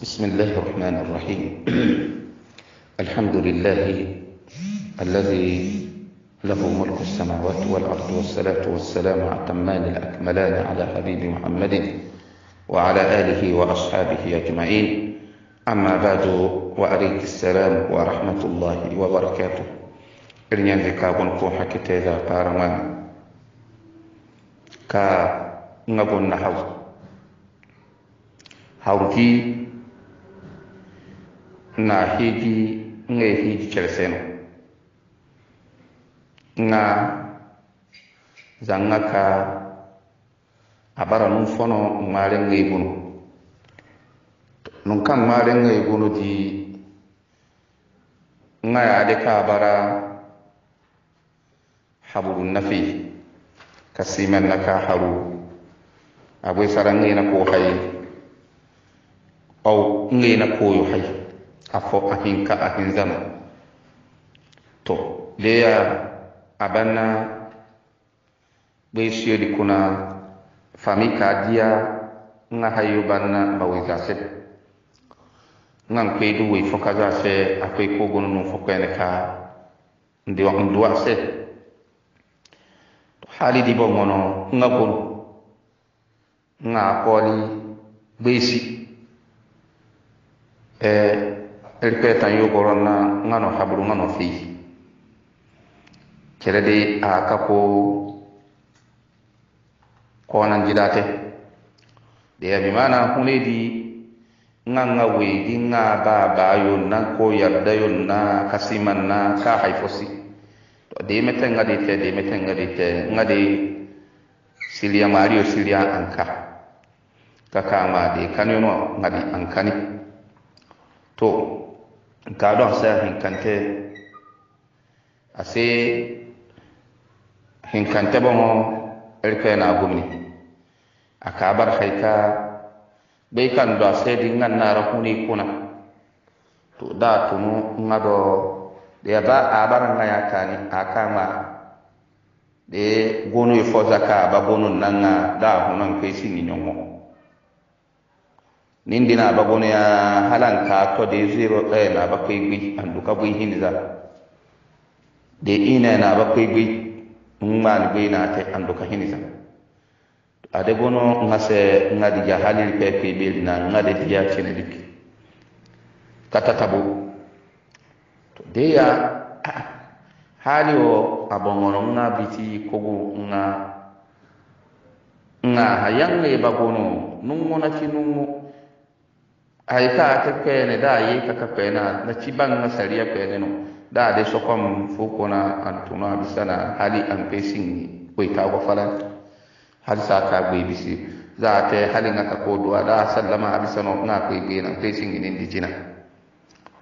بسم الله الرحمن الرحيم الحمد لله الذي له ملك السماوات والأرض والصلاة والسلام أتمان الأكملان على حبيب محمد وعلى آله وأصحابه أجمعين أما بعد وعليك السلام ورحمة الله وبركاته إن ينذكا بنكو حكي إذا قارمان كا النحو هاوكي na hiji nga hiji cerseno nga zanga ka abara nun fono ŋmaare nga ibunu nun kan ŋmaare nga ibunu di nga yaade ka abara haburun nafi ka simen na ka haru Abu sara nga na ko hay au nga na a fɔ a hinka a hinza ma to leya a banna ɓeyisiyoli kuna fami ka diya nga hayo banna baweza sebe nga nkwedu wei fo wee se akwe kogono no fo kwene ka ndi wa nduwa se to hali di bongono nga kono nga akoli besi eh ripetan yogoron na ngano haburu ngano fi kere de a kapo konan jidate de ya bimana hune di nga nga we di nga ba ba yo na ko yarda yo na kasiman na ka haifosi to de mete nga de te de mete nga de te nga de silia mario silia anka kaka ma de kanyo no nga de ankani to kaadɔn sɛ hinkante ase hinkante bɔŋɔ erikɛ na agomini a kaa bari ka, bai kan do ase di ŋa naara kuni kuna to daa tunu ŋa dɔ de ba a bari ŋa ya kaani a kaa ŋa de gonu ye fɔ zaka a ba gonu na ŋa daa hunan kai esi ni ɲɔŋɔ nindi na bagone ya halanka to de zero eh na bakwai gwi an duka gwi hiniza de ina na bakwai gwi ni gwi na te an duka hiniza ade gono ngase ngadi jahalil pe pe bil na ngade dia cene dik kata tabu to de ya hali o abongono nga biti kogu nga nga hayange bagono nungo na ci ay ka ate kene da ye kaka kene na ci banga sariya kene no da de so kom fu ko na antuna bisana hali an pesin ni ko ita go fala hali sa ka go bisi za ate hali ngaka ko do ada sallama abisano na ko ibe na pesin ni ndi jina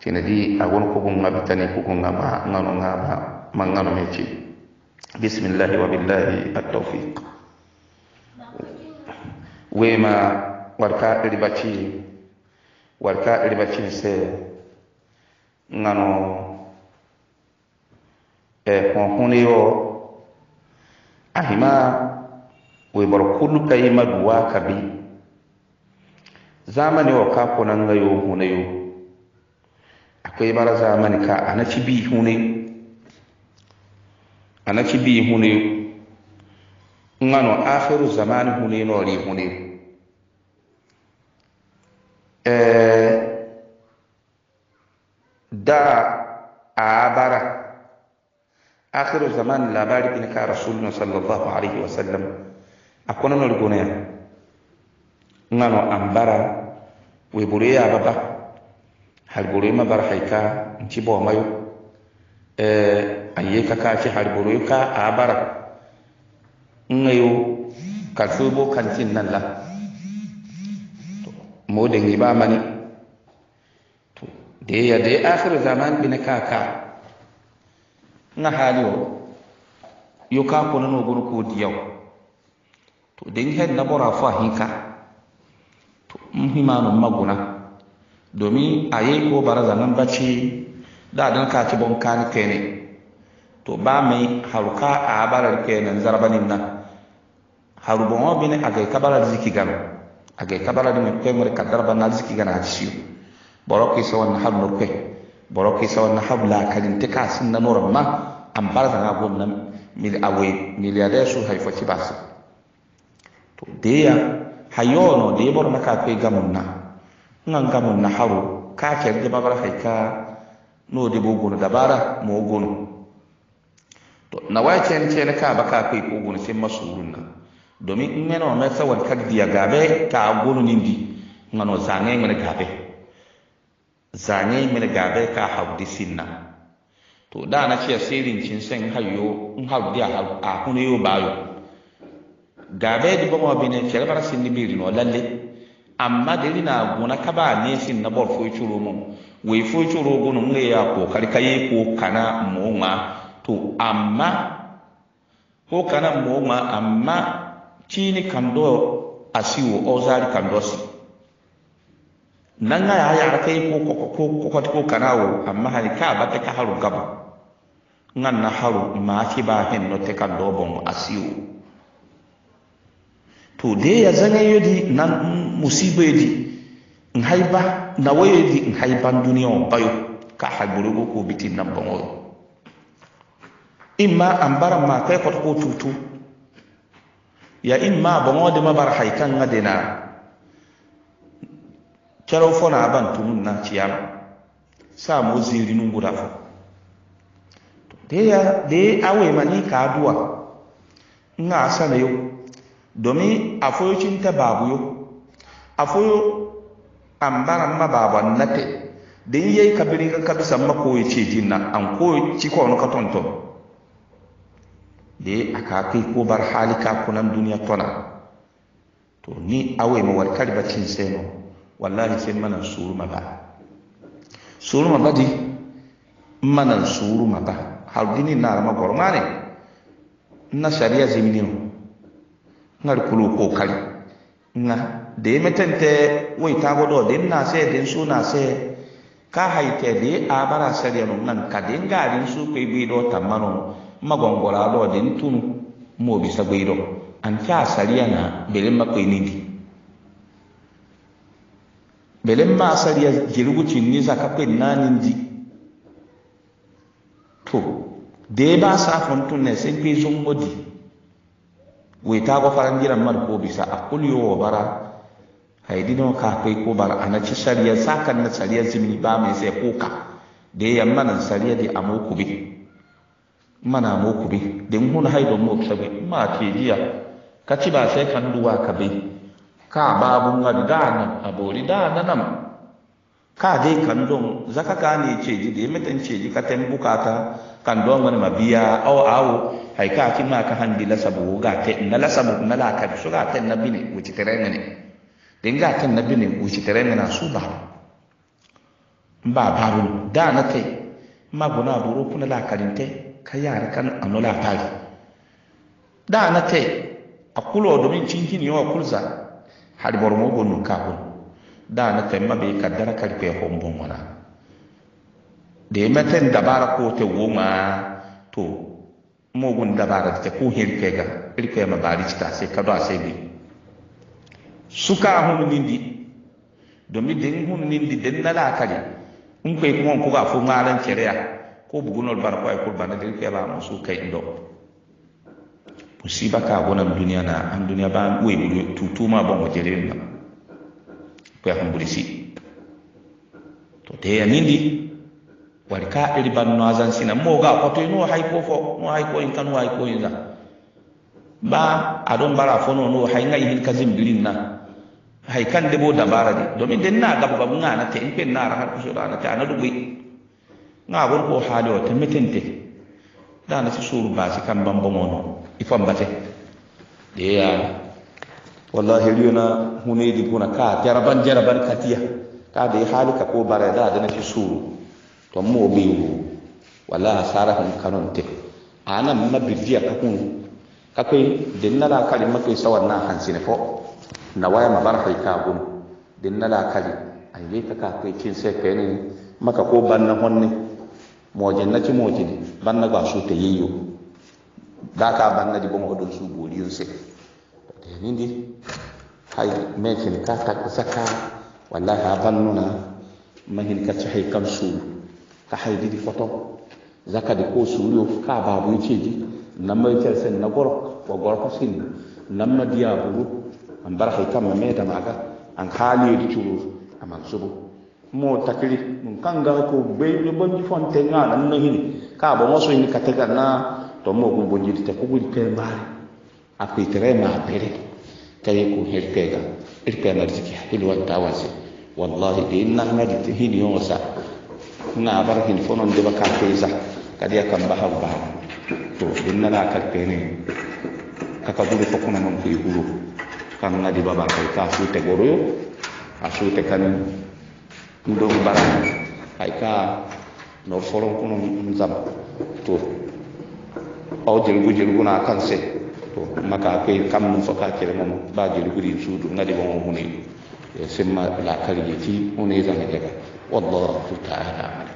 tina di agon ko gon ngabitani ko gon ngaba ngano ngaba mangano mechi bismillah wa billahi at-tawfiq wema warka ribati walka iliba se ngano e eh, honhuni yo ahima we bar kullu kai maduwa kabi zamani wa ka kunan ga hune yo akwai bara zamani ka anafi bi hune anafi bi hune ngano akhiru zamani hune no ri hune eh da bara akhiru zaman labari bin ka rasulun sallallahu alaihi wasallam akona no rigona ngano ambara we bure ya baba har bure ma bar haika nci bo mayo eh aye ka ka ci har bure ka bara ngayo ka subo kantin nan la mo dengi ba mani da ya da akhir zaman bin kaka na haliyo yo ka ko no gon ko diyaw to den hen na bora fa hinka to mhimanu maguna domin aye ko baraza nan bace da dan ka ci bon kan kene to ba mai haruka a barar kenan zarbanin nan harubon obin a ga kabarar ziki gano a ga kabarar mai kwemar kadar ba na ziki gana a ciyo boroki sa wani har no kwe boroki sa wani har lakalin kalin tika sin na nora ma an da na gomna mil awe miliyare su haifa ba basu to deya hayono de bor na ka na nan gamun na haru kakiyar da babar haika no da bugun dabara mo gono to na waye ce na ka baka kai ko sai masurun nan domin in mena mai tsawon kag diya gabe ta gunu nindi ngano mana ngene gabe zanye mini gabe ka habdi sinna to da na ce sirin cin sen hayo in habdi a kunu yo bayo gabe di bomo bine kere bara sinni na no lalle amma deli na gona kaba ne sin na bor foi churu mu we foi churu gonu mu ya ko kari kaye ko kana mu ma to amma ko kana mu ma amma chini kando asiwo ozari kandosi nan ga ya kai ko ko ko ko kanawo amma hal ka ba ta ka haru gaba nan na haru ma ki ba hin no te ka do bon asiu to de ya zane yodi nan musibe yodi in haiba na waye yodi in haiban duniya bayo ka haburu ko bitin nan bon o imma an bara ma kai ko ko tutu ya imma bon o de ma bar haikan ga de na kyarau fo na ban tunun na ciyama sa mo ziri guda fo da ya da awe mani ka aduwa ina sana yau domin afoyocin ta babu yau afoyo an baran ma baban nate da yi kabiri ka kabisa ma koyi ce na an koyi ci kwanu ka tonton da ya aka kai ko bar halika kunan duniya tona to ni awe ma bacin sai no wallahi sai mana suruma ba suruma ba di mana suruma ba haludini na rama ne na sharia zimini na kulu ko na da ya metente wai tago do din na sai din su na sai ka haite ya abara sharia nan ka din garin su kai bi do tamano magwangwara do din tunu mo bai sabido an ta sharia na belin makwai ni melemma asali ya girugu cinniisa kapen ndi to deeba saafon tun ne senpi zummodi wetaago farandiran mar ko bisa akkul yowo bara haydino kakoy ko bara anaci sariya sa kanna sariya zimini bame se kuka de yammanan sariya di amo kubi mana amo kubi den hun haydo mo sabe ma tejiya kaci ba sai kabe ka babun gadana abori dana nam ka dai kan don zaka gane ce ji da mitan ce ji ka tan bukata kan don wani mabiya aw awo hai ka kin ma ka handi la sabu ga te na la sabu na la ka su ga te na ne wuci tare ne din ga te na ne wuci tare ne na su ba ba babu dana te ma guna buru kuna la karinte ka yar kan anula tari dana te akulo domin cinkin yawa kulza mɔgɔ bormo gonu kahun da na temma be kaddara karfe hombon wana da ya matan dabara ko wo ma to mogun dabara te ko hirfe ga pe ma bari ta sai kado a sai bi suka hunu nindi domin den hunu nindi den na lakari un kai kuma ko ga fu maran kiriya ko bugunol barkwai e kurbana da pe ba musu kai ndo musiba ka gonan duniya na an duniya ba we tutuma bon wajere na ko ya kan bulisi to te ya nindi wal ka iri ban no azan sina mo ga ko to no hay ko fo no hay ko in kan hay ko in za ba adon bara fo no no hay ngai hin kazim dilin na hay kan de bo dabara de domin den na gabu gabu na te in pen na har ko so da na ta na dubi na ko hado te metente dana su suru basi kan bambamono ifambate deya wallahi riyona huneydi guna ka jaraban jaraban katiya ka de hali ka ko bare da dana su suru to mo biwu wala sara hun kanon te ana ma bidiya ka kun ka kai na la kali ma kai sawar na hansine fo na waya ma barfa ka gun na la kali ayi ka ka kai kin sai kai ne maka ko banna honne mojin na ci ban na ba su ta yiyo da ka banna di bongo don su boriyun se eh, ni di hay mekin ka ta ka saka wallahi ha nuna mahin ka ci hay su ka hay di di foto zaka di ko ka babu ce ji nan mai tersen na goro ko goro ko sin nan ma diya buru an bar hay kam me da maga an yi di churu aman subu mo mun kanga ko be yo bon di fonte ngana no hini ka bo mo so ni katega na to mo ko bonji te ko bon pe mari a pe tre ma pere ka ye ko herpega irpe na tiki hili wa tawasi wallahi de inna na di te hini yo sa na bar hin fonon de baka sa ka dia kan bahar ba to inna na ka pe pene ka ka buli ko na mo ko yuru kan na di baba ka ta su te goro yo a su te kan n dog bara hay ka nor foron kuno n zam to aw jelgu na kan se to maka ke kam nu faka kere mom ba jelgu di sudu ngadi bon huni e semma la kali ti huni zanga e daga wallahu ta'ala